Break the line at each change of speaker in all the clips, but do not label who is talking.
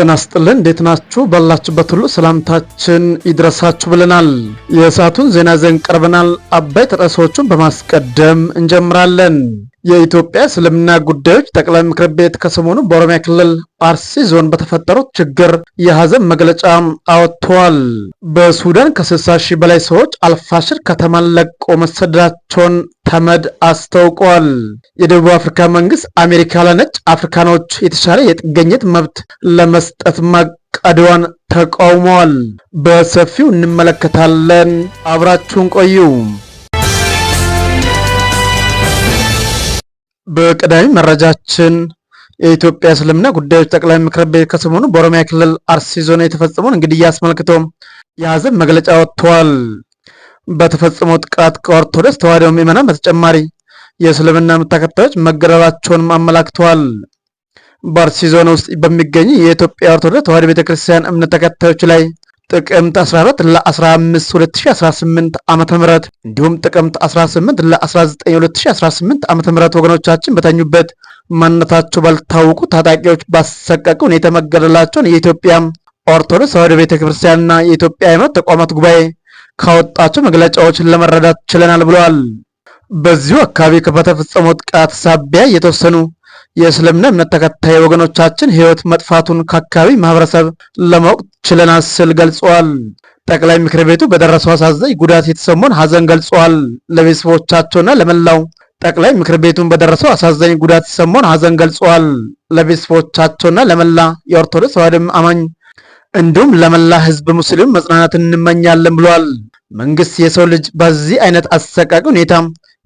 ጤና ስጥልን። እንዴት ናችሁ? ባላችሁበት ሁሉ ሰላምታችን ይድረሳችሁ ብለናል። የሰዓቱን ዜና ዘን ቀርበናል። አበይት ርዕሶቹን በማስቀደም እንጀምራለን። የኢትዮጵያ እስልምና ጉዳዮች ጠቅላይ ምክር ቤት ከሰሞኑ በኦሮሚያ ክልል አርሲ ዞን በተፈጠሩት ችግር የሐዘን መግለጫ አወጥተዋል። በሱዳን ከ60 ሺህ በላይ ሰዎች አልፋሽር ከተማን ለቆ መሰደዳቸውን ተመድ አስታውቋል። የደቡብ አፍሪካ መንግስት አሜሪካ ለነጭ አፍሪካኖች የተሻለ የጥገኝነት መብት ለመስጠት ማቀዷን ተቃውመዋል። በሰፊው እንመለከታለን። አብራችሁን ቆዩ። በቀዳሚ መረጃችን የኢትዮጵያ እስልምና ጉዳዮች ጠቅላይ ምክር ቤት ከሰሞኑ በኦሮሚያ ክልል አርሲ ዞን የተፈጸመውን እንግዲህ አስመልክቶ የሀዘን መግለጫ ወጥቷል። በተፈጸመው ጥቃት ከኦርቶዶክስ ተዋሕዶ ምዕመናን በተጨማሪ የእስልምና እምነት ተከታዮች መገረባቸውንም አመላክተዋል። በአርሲ ዞን ውስጥ በሚገኝ የኢትዮጵያ ኦርቶዶክስ ተዋሕዶ ቤተክርስቲያን እምነት ተከታዮች ላይ ጥቅምት 14 ለ15 2018 ዓ ም እንዲሁም ጥቅምት 18 ለ19 2018 ዓ ም ወገኖቻችን በተኙበት ማንነታቸው ባልታወቁ ታጣቂዎች ባሰቀቀ ሁኔታ መገደላቸውን የኢትዮጵያ ኦርቶዶክስ ተዋሕዶ ቤተክርስቲያንና የኢትዮጵያ ሃይማኖት ተቋማት ጉባኤ ካወጣቸው መግለጫዎችን ለመረዳት ችለናል ብለዋል። በዚሁ አካባቢ በተፈጸመው ጥቃት ሳቢያ የተወሰኑ የእስልምና እምነት ተከታይ ወገኖቻችን ሕይወት መጥፋቱን ከአካባቢ ማህበረሰብ ለማወቅ ችለናል ስል ገልጸዋል። ጠቅላይ ምክር ቤቱ በደረሰው አሳዛኝ ጉዳት የተሰሞን ሀዘን ገልጸዋል። ለቤተሰቦቻቸውና ለመላው ጠቅላይ ምክር ቤቱን በደረሰው አሳዛኝ ጉዳት የተሰሞን ሀዘን ገልጸዋል። ለቤተሰቦቻቸውና ለመላ የኦርቶዶክስ ተዋሕዶ አማኝ እንዲሁም ለመላ ህዝብ ሙስሊም መጽናናት እንመኛለን ብሏል። መንግስት የሰው ልጅ በዚህ አይነት አሰቃቂ ሁኔታ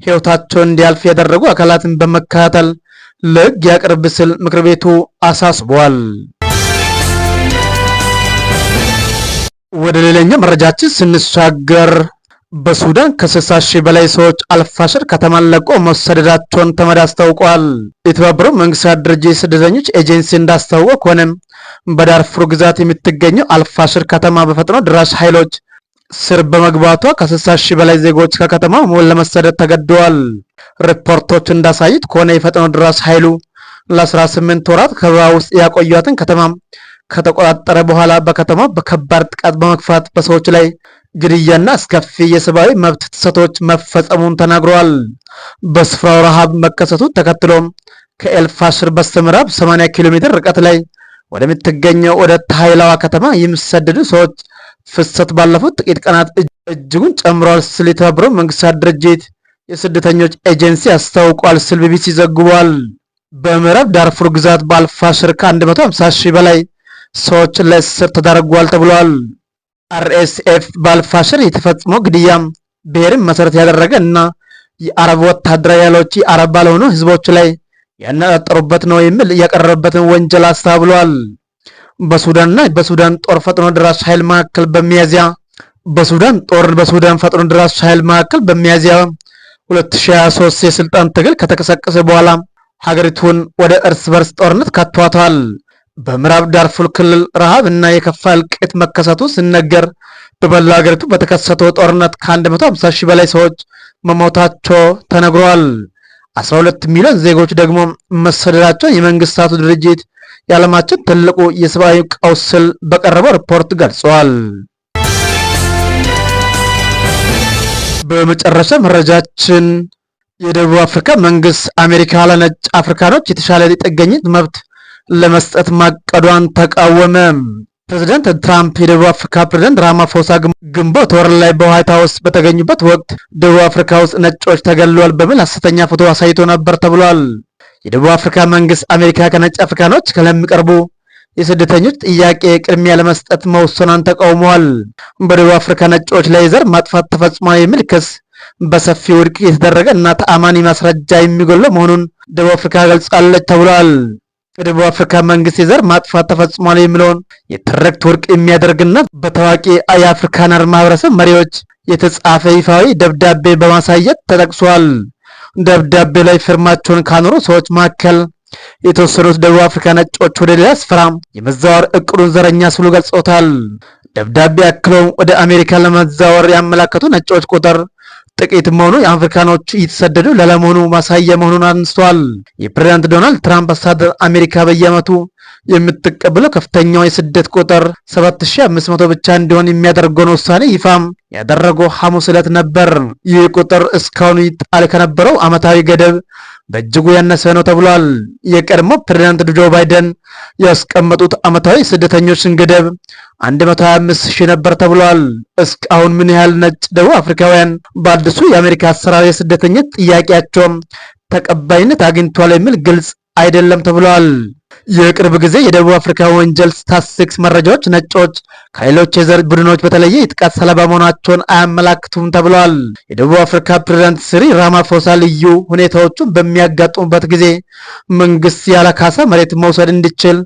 ህይወታቸውን እንዲያልፍ ያደረጉ አካላትን በመከታተል ለህግ ያቅርብ ስል ምክር ቤቱ አሳስቧል። ወደ ሌላኛው መረጃችን ስንሻገር በሱዳን ከ60 ሺህ በላይ ሰዎች አልፋሽር ከተማን ለቆ መሰደዳቸውን ተመድ አስታውቋል። የተባበረው መንግስታት ድርጅት ስደተኞች ኤጀንሲ እንዳስታወቀ ከሆነም በዳርፉር ግዛት የምትገኘው አልፋሽር ከተማ በፈጥኖ ድራሽ ኃይሎች ስር በመግባቷ ከ60 ሺህ በላይ ዜጎች ከከተማ ሞል ለመሰደድ ተገደዋል። ሪፖርቶች እንዳሳዩት ከሆነ የፈጥኖ ድራስ ኃይሉ ለ18 ወራት ከበባ ውስጥ ያቆያትን ከተማ ከተቆጣጠረ በኋላ በከተማ በከባድ ጥቃት በመግፋት በሰዎች ላይ ግድያና አስከፊ የሰብአዊ መብት ጥሰቶች መፈጸሙን ተናግረዋል። በስፍራው ረሃብ መከሰቱ ተከትሎም ከኤልፋሽር በስተምዕራብ 80 ኪሎ ሜትር ርቀት ላይ ወደምትገኘው ወደ ታይላዋ ከተማ የሚሰደዱ ሰዎች ፍሰት ባለፉት ጥቂት ቀናት እጅጉን ጨምሯል ስል የተባበሩት መንግስታት ድርጅት የስደተኞች ኤጀንሲ አስታውቋል ስል ቢቢሲ ዘግቧል። በምዕራብ ዳርፉር ግዛት በአልፋሽር ከ150 ሺህ በላይ ሰዎች ለእስር ተዳርጓል ተብሏል። አርኤስኤፍ በአልፋሽር የተፈጽመው ግድያም ብሔርን መሰረት ያደረገ እና የአረብ ወታደራዊ ያሎች የአረብ ባልሆኑ ህዝቦች ላይ ያነጣጠሩበት ነው የሚል ያቀረበበትን ወንጀል አስተባብሏል። በሱዳን በሱዳን ጦር ፈጥኖ ደራሽ ኃይል መካከል በሚያዚያ በሱዳን ጦር በሱዳን ፈጥኖ ደራሽ ኃይል መካከል በሚያዚያ 2023 የስልጣን ትግል ከተቀሰቀሰ በኋላ ሀገሪቱን ወደ እርስ በርስ ጦርነት ከቷታል። በምዕራብ ዳርፉር ክልል ረሃብ እና የከፋ እልቂት መከሰቱ ሲነገር በመላው ሀገሪቱ በተከሰተው ጦርነት ከ150 ሺህ በላይ ሰዎች መሞታቸው ተነግሯል። 12 ሚሊዮን ዜጎች ደግሞ መሰደዳቸውን የመንግስታቱ ድርጅት የዓለማችን ትልቁ የሰብአዊ ቀውስ ስል በቀረበው ሪፖርት ገልጿል። በመጨረሻ መረጃችን የደቡብ አፍሪካ መንግስት አሜሪካ ለነጭ አፍሪካኖች የተሻለ የጥገኝነት መብት ለመስጠት ማቀዷን ተቃወመ። ፕሬዚደንት ትራምፕ የደቡብ አፍሪካ ፕሬዚደንት ራማፎሳ ግንቦት ወር ላይ በዋይት ሀውስ በተገኙበት ወቅት ደቡብ አፍሪካ ውስጥ ነጮች ተገለዋል በሚል ሐሰተኛ ፎቶ አሳይቶ ነበር ተብሏል። የደቡብ አፍሪካ መንግስት አሜሪካ ከነጭ አፍሪካኖች ከለሚቀርቡ የስደተኞች ጥያቄ ቅድሚያ ለመስጠት መወሰኗን ተቃውመዋል። በደቡብ አፍሪካ ነጮች ላይ ዘር ማጥፋት ተፈጽሟል የሚል ክስ በሰፊ ውድቅ የተደረገ እና ተአማኒ ማስረጃ የሚጎለው መሆኑን ደቡብ አፍሪካ ገልጻለች ተብሏል። የደቡብ አፍሪካ መንግስት የዘር ማጥፋት ተፈጽሟል የሚለውን የትርክት ውድቅ የሚያደርግና በታዋቂ የአፍሪካነር ማህበረሰብ መሪዎች የተጻፈ ይፋዊ ደብዳቤ በማሳየት ተጠቅሷል። ደብዳቤ ላይ ፊርማቸውን ካኖሩ ሰዎች መካከል የተወሰኑት ደቡብ አፍሪካ ነጮች ወደ ሌላ ስፍራ የመዛወር እቅዱን ዘረኛ ሲሉ ገልጾታል። ደብዳቤ አክሎም ወደ አሜሪካ ለመዛወር ያመላከቱ ነጮች ቁጥር ጥቂት መሆኑ የአፍሪካኖች እየተሰደዱ ላለመሆኑ ማሳያ መሆኑን አንስቷል። የፕሬዚዳንት ዶናልድ ትራምፕ አስተዳደር አሜሪካ በየዓመቱ የምትቀበለው ከፍተኛው የስደት ቁጥር 7500 ብቻ እንዲሆን የሚያደርገውን ውሳኔ ይፋም ያደረገው ሐሙስ ዕለት ነበር። ይህ ቁጥር እስካሁን ይጣል ከነበረው ዓመታዊ ገደብ በእጅጉ ያነሰ ነው ተብሏል። የቀድሞ ፕሬዝዳንት ጆ ባይደን ያስቀመጡት ዓመታዊ ስደተኞችን ገደብ 125 ሺህ ነበር ተብሏል። እስካሁን ምን ያህል ነጭ ደቡብ አፍሪካውያን በአዲሱ የአሜሪካ አሰራር የስደተኞች ጥያቄያቸው ተቀባይነት አግኝቷል የሚል ግልጽ አይደለም ተብሏል። የቅርብ ጊዜ የደቡብ አፍሪካ ወንጀል ስታትስቲክስ መረጃዎች ነጮች ከሌሎች የዘር ቡድኖች በተለየ የጥቃት ሰለባ መሆናቸውን አያመላክቱም ተብለዋል። የደቡብ አፍሪካ ፕሬዝዳንት ስሪ ራማፎሳ ልዩ ሁኔታዎቹን በሚያጋጥሙበት ጊዜ መንግስት ያለ ካሳ መሬት መውሰድ እንዲችል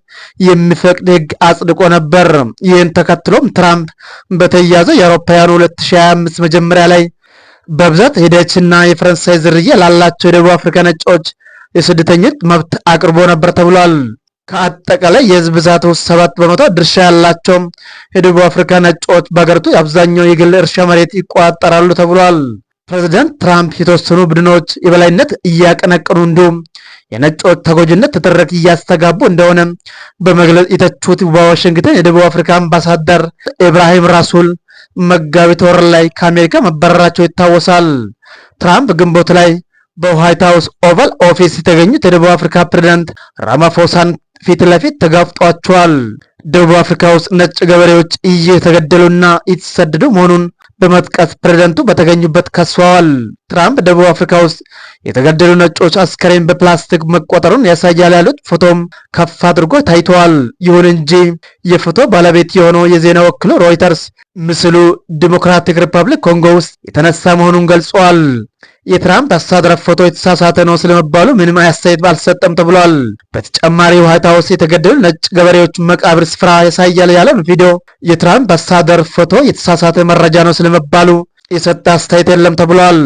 የሚፈቅድ ህግ አጽድቆ ነበር። ይህን ተከትሎም ትራምፕ በተያያዘው የአውሮፓውያኑ 2025 መጀመሪያ ላይ በብዛት የደችና የፈረንሳይ ዝርያ ላላቸው የደቡብ አፍሪካ ነጮች የስደተኞች መብት አቅርቦ ነበር ተብሏል። ከአጠቃላይ የህዝብ ብዛት ውስጥ ሰባት በመቶ ድርሻ ያላቸው የደቡብ አፍሪካ ነጮች በሀገሪቱ አብዛኛው የግል እርሻ መሬት ይቆጣጠራሉ ተብሏል። ፕሬዚዳንት ትራምፕ የተወሰኑ ቡድኖች የበላይነት እያቀነቀኑ እንዲሁም የነጮች ተጎጂነት ተደረክ እያስተጋቡ እንደሆነ በመግለጽ የተቹት በዋሽንግተን የደቡብ አፍሪካ አምባሳደር ኢብራሂም ራሱል መጋቢት ወር ላይ ከአሜሪካ መባረራቸው ይታወሳል። ትራምፕ ግንቦት ላይ በዋይት ሃውስ ኦቫል ኦፊስ የተገኙት የደቡብ አፍሪካ ፕሬዚዳንት ራማፎሳን ፊት ለፊት ተጋፍጧቸዋል። ደቡብ አፍሪካ ውስጥ ነጭ ገበሬዎች እየተገደሉና እየተሰደዱ መሆኑን በመጥቀስ ፕሬዝደንቱ በተገኙበት ከሰዋል። ትራምፕ ደቡብ አፍሪካ ውስጥ የተገደሉ ነጮች አስከሬን በፕላስቲክ መቆጠሩን ያሳያል ያሉት ፎቶም ከፍ አድርጎ ታይተዋል። ይሁን እንጂ የፎቶ ባለቤት የሆነው የዜና ወኪሉ ሮይተርስ ምስሉ ዲሞክራቲክ ሪፐብሊክ ኮንጎ ውስጥ የተነሳ መሆኑን ገልጿል። የትራምፕ አስተዳደር ፎቶ የተሳሳተ ነው ስለመባሉ ምንም አስተያየት አልሰጠም ተብሏል። በተጨማሪ ዋይት ሀውስ የተገደሉ ነጭ ገበሬዎች መቃብር ስፍራ ያሳያል ያለውን ቪዲዮ የትራምፕ አስተዳደር ፎቶ የተሳሳተ መረጃ ነው ስለመባሉ የሰጠ አስተያየት የለም ተብሏል።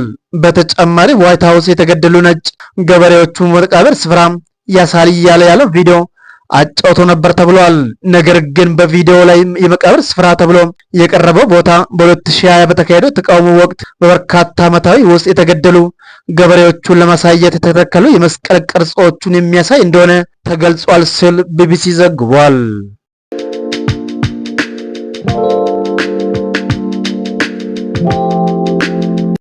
በተጨማሪ ዋይት ሀውስ የተገደሉ ነጭ ገበሬዎቹ መቃብር ስፍራ ያሳያል ያለው ቪዲዮ አጫውቶ ነበር ተብሏል። ነገር ግን በቪዲዮ ላይ የመቃብር ስፍራ ተብሎ የቀረበው ቦታ በ2020 በተካሄደው ተቃውሞ ወቅት በበርካታ ዓመታዊ ውስጥ የተገደሉ ገበሬዎቹን ለማሳየት የተተከሉ የመስቀል ቅርጾቹን የሚያሳይ እንደሆነ ተገልጿል ሲል ቢቢሲ ዘግቧል።